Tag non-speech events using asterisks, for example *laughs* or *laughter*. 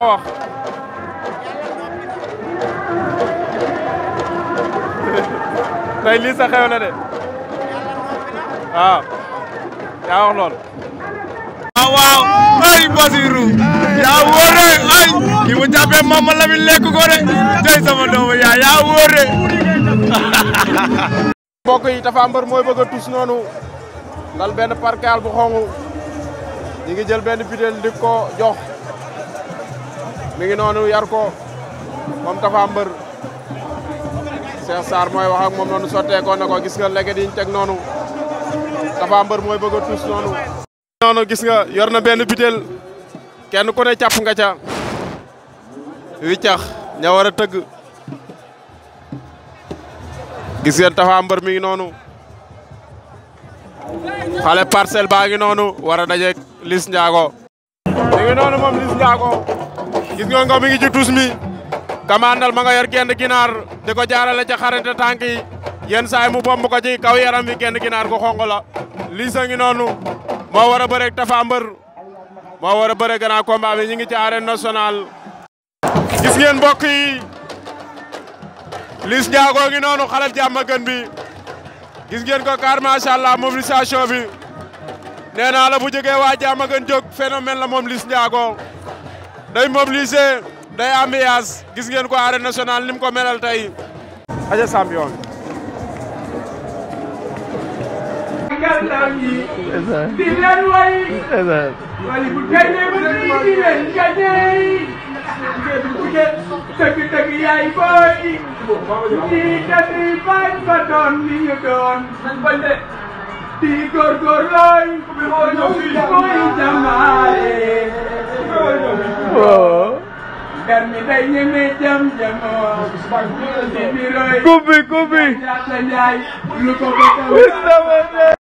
wax tey lii sa de waaw yaa wax lool waaw waaw ay Basiru yaa wóor ay yi mu jàppee mama la lekk ko de tey sama doomu yaa yaa wóor de *laughs* mbokk mooy bëgg a noonu lal benn parkaal bu xongu ñi ngi jël benn bideel di ko jox mi ngi noonu yar ko moom Tapha Mbeur Cheikh Sarr mooy wax ak moom noonu sotteekoo na ko gis nga léegi yiñ teg noonu Tapha Mbeur mooy bëgg a tuus noonu. gis nga yor na benn butéel kenn ku ne càpp nga ca wiccax ña war a tëgg gis ngeen Tapha Mbeur mi ngi noonu xale parcelle baa ngi noonu war a dajeeg Liss Ndiago moom Liss Ndiago gis nga nga mi ngi ci tus mi kamandal ma nga yor genn ginaar di ko jaarale ca xarante tànk yi yenn saay mu bomb ko ci kaw yaram wi genn ginaar ko xonq la liisa ngi noonu moo war a bëre Tapha Mbeur moo war a bëre grand bi ñu ngi ci arène nationale gis ngeen mbokk yi Liss Ndiago ngi noonu xale jàmm gën bi gis ngeen ko car macha allah mobilisation bi nee naa la bu jógee waa jàmm gën jóg phénomène la moom Liss Ndiago day mobiliser day ambiance gis ngeen ko arène nationale ni mu ko melal tey. aja champion tëgg tëgg di dañuy bañ ba doon li ñu doon di góorgóorlooy mooy jamaale ñeme jam jamoo. kubi kubi. lu ko